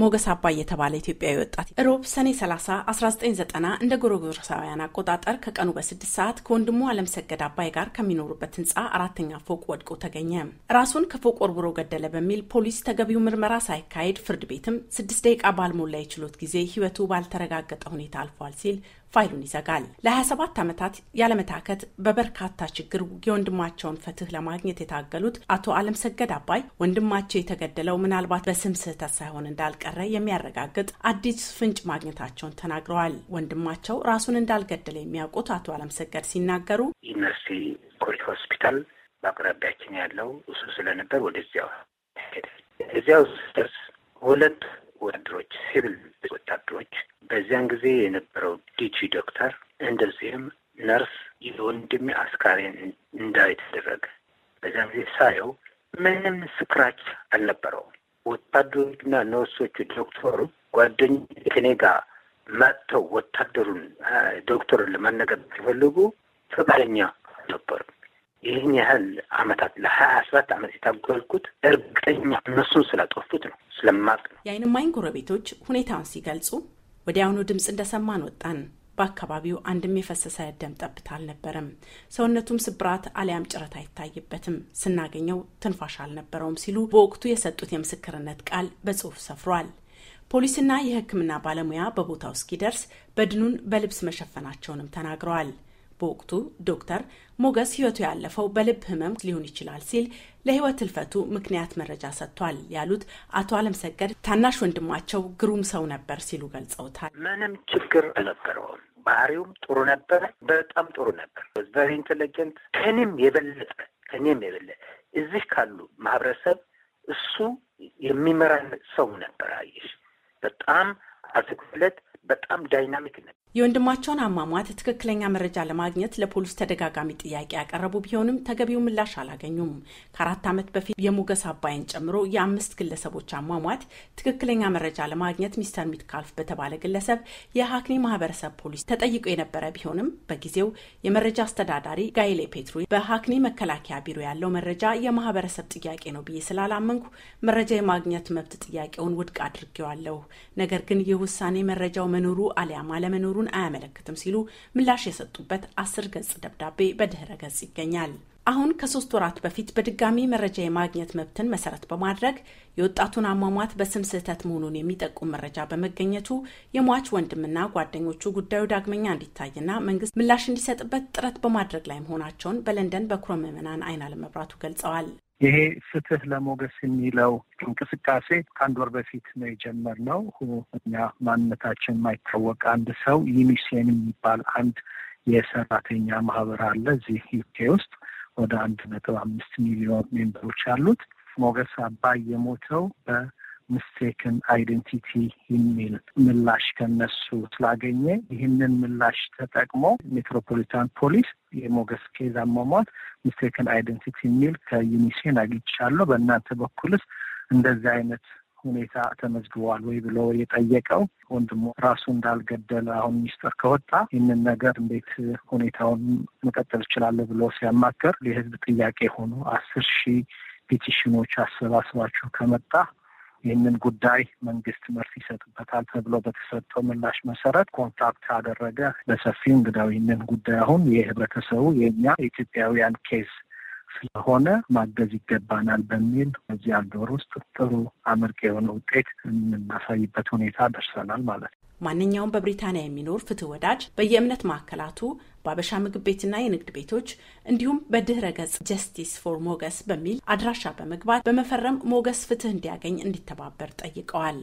ሞገስ አባይ የተባለ ኢትዮጵያዊ ወጣት ሮብ ሰኔ 30 1990 እንደ ጎረጎረሳውያን አቆጣጠር ከቀኑ በስድስት ሰዓት ከወንድሙ ሰገድ አባይ ጋር ከሚኖሩበት ህንፃ አራተኛ ፎቅ ወድቆ ተገኘ። ራሱን ከፎቅ ወርውሮ ገደለ በሚል ፖሊስ ተገቢው ምርመራ ሳይካሄድ ፍርድ ቤትም ስድስት ደቂቃ ባልሞላ የችሎት ጊዜ ህይወቱ ባልተረጋገጠ ሁኔታ አልፏል ሲል ፋይሉን ይዘጋል። ለ27 ዓመታት ያለመታከት በበርካታ ችግር የወንድማቸውን ፍትህ ለማግኘት የታገሉት አቶ ሰገድ አባይ ወንድማቸው የተገደለው ምናልባት በስም ስህተት ሳይሆን እንዳልቀ እንደቀረ የሚያረጋግጥ አዲስ ፍንጭ ማግኘታቸውን ተናግረዋል። ወንድማቸው ራሱን እንዳልገደለ የሚያውቁት አቶ አለምሰገድ ሲናገሩ ዩኒቨርሲቲ ኮሌጅ ሆስፒታል በአቅራቢያችን ያለው እሱ ስለነበር ወደዚያው ሄደ። እዚያው ስደርስ ሁለት ወታደሮች ሲቪል ወታደሮች በዚያን ጊዜ የነበረው ዲጂ ዶክተር እንደዚህም ነርስ የወንድሜ አስካሬን እንዳይተደረገ በዚያን ጊዜ ሳየው ምንም ስክራች አልነበረውም። ወታደሮችና ነርሶቹ ዶክተሩ ጓደኞች ከኔ ጋር መጥተው ወታደሩን ዶክተሩን ለማነጋገር ሲፈልጉ ፈቃደኛ ነበሩ። ይህን ያህል አመታት ለሀያ አስራት አመት የታገልኩት እርግጠኛ እነሱን ስላጠፉት ነው ስለማቅ ነው። የአይንማይን ጎረቤቶች ሁኔታውን ሲገልጹ ወዲያውኑ ድምፅ እንደሰማን ወጣን። በአካባቢው አንድም የፈሰሰ ደም ጠብታ አልነበረም። ሰውነቱም ስብራት አሊያም ጭረት አይታይበትም፣ ስናገኘው ትንፋሽ አልነበረውም ሲሉ በወቅቱ የሰጡት የምስክርነት ቃል በጽሑፍ ሰፍሯል። ፖሊስና የሕክምና ባለሙያ በቦታው እስኪደርስ በድኑን በልብስ መሸፈናቸውንም ተናግረዋል። በወቅቱ ዶክተር ሞገስ ህይወቱ ያለፈው በልብ ህመም ሊሆን ይችላል ሲል ለህይወት ህልፈቱ ምክንያት መረጃ ሰጥቷል ያሉት አቶ አለምሰገድ ታናሽ ወንድማቸው ግሩም ሰው ነበር ሲሉ ገልጸውታል። ምንም ችግር አልነበረውም። ባህሪውም ጥሩ ነበረ። በጣም ጥሩ ነበር። ቨሪ ኢንቴሊጀንት ከኔም የበለጠ ከኔም የበለጠ እዚህ ካሉ ማህበረሰብ እሱ የሚመራ ሰው ነበር። አየሽ በጣም አዘግለት በጣም ዳይናሚክ ነበር። የወንድማቸውን አሟሟት ትክክለኛ መረጃ ለማግኘት ለፖሊስ ተደጋጋሚ ጥያቄ ያቀረቡ ቢሆንም ተገቢው ምላሽ አላገኙም። ከአራት ዓመት በፊት የሞገስ አባይን ጨምሮ የአምስት ግለሰቦች አሟሟት ትክክለኛ መረጃ ለማግኘት ሚስተር ሚትካልፍ በተባለ ግለሰብ የሀክኒ ማህበረሰብ ፖሊስ ተጠይቆ የነበረ ቢሆንም በጊዜው የመረጃ አስተዳዳሪ ጋይሌ ፔትሩ በሀክኒ መከላከያ ቢሮ ያለው መረጃ የማህበረሰብ ጥያቄ ነው ብዬ ስላላመንኩ መረጃ የማግኘት መብት ጥያቄውን ውድቅ አድርጌዋለሁ። ነገር ግን ይህ ውሳኔ መረጃው መኖሩ አሊያም አለመኖሩ መሆኑን አያመለክትም ሲሉ ምላሽ የሰጡበት አስር ገጽ ደብዳቤ በድህረ ገጽ ይገኛል። አሁን ከሶስት ወራት በፊት በድጋሚ መረጃ የማግኘት መብትን መሰረት በማድረግ የወጣቱን አሟሟት በስም ስህተት መሆኑን የሚጠቁም መረጃ በመገኘቱ የሟች ወንድምና ጓደኞቹ ጉዳዩ ዳግመኛ እንዲታይና መንግስት ምላሽ እንዲሰጥበት ጥረት በማድረግ ላይ መሆናቸውን በለንደን በኩረ ምዕመናን አይናለም መብራቱ ገልጸዋል። ይሄ ፍትህ ለሞገስ የሚለው እንቅስቃሴ ከአንድ ወር በፊት ነው የጀመርነው። እኛ ማንነታችን የማይታወቅ አንድ ሰው ዩኒሴን የሚባል አንድ የሰራተኛ ማህበር አለ እዚህ ዩኬ ውስጥ ወደ አንድ ነጥብ አምስት ሚሊዮን ሜምበሮች አሉት። ሞገስ አባይ የሞተው በ ምስቴክን አይደንቲቲ የሚል ምላሽ ከነሱ ስላገኘ ይህንን ምላሽ ተጠቅሞ ሜትሮፖሊታን ፖሊስ የሞገስ ኬዝ አሟሟት ምስቴክን አይደንቲቲ የሚል ከዩኒሴን አግኝቻለሁ፣ በእናንተ በኩልስ እንደዚህ አይነት ሁኔታ ተመዝግቧል ወይ ብሎ የጠየቀው ወንድሞ ራሱ እንዳልገደለ አሁን ሚስጥር ከወጣ ይህንን ነገር እንዴት ሁኔታውን መቀጠል ይችላለ ብሎ ሲያማከር የህዝብ ጥያቄ ሆኖ አስር ሺህ ፔቲሽኖች አሰባስባችሁ ከመጣ ይህንን ጉዳይ መንግስት መልስ ይሰጥበታል ተብሎ በተሰጠው ምላሽ መሰረት ኮንታክት አደረገ በሰፊው እንግዳው ይህንን ጉዳይ አሁን የህብረተሰቡ የእኛ ኢትዮጵያውያን ኬዝ ስለሆነ ማገዝ ይገባናል በሚል በዚህ አንድ ወር ውስጥ ጥሩ አመርቂ የሆነ ውጤት የምናሳይበት ሁኔታ ደርሰናል ማለት ነው። ማንኛውም በብሪታንያ የሚኖር ፍትህ ወዳጅ በየእምነት ማዕከላቱ በአበሻ ምግብ ቤትና የንግድ ቤቶች እንዲሁም በድህረ ገጽ ጀስቲስ ፎር ሞገስ በሚል አድራሻ በመግባት በመፈረም ሞገስ ፍትህ እንዲያገኝ እንዲተባበር ጠይቀዋል።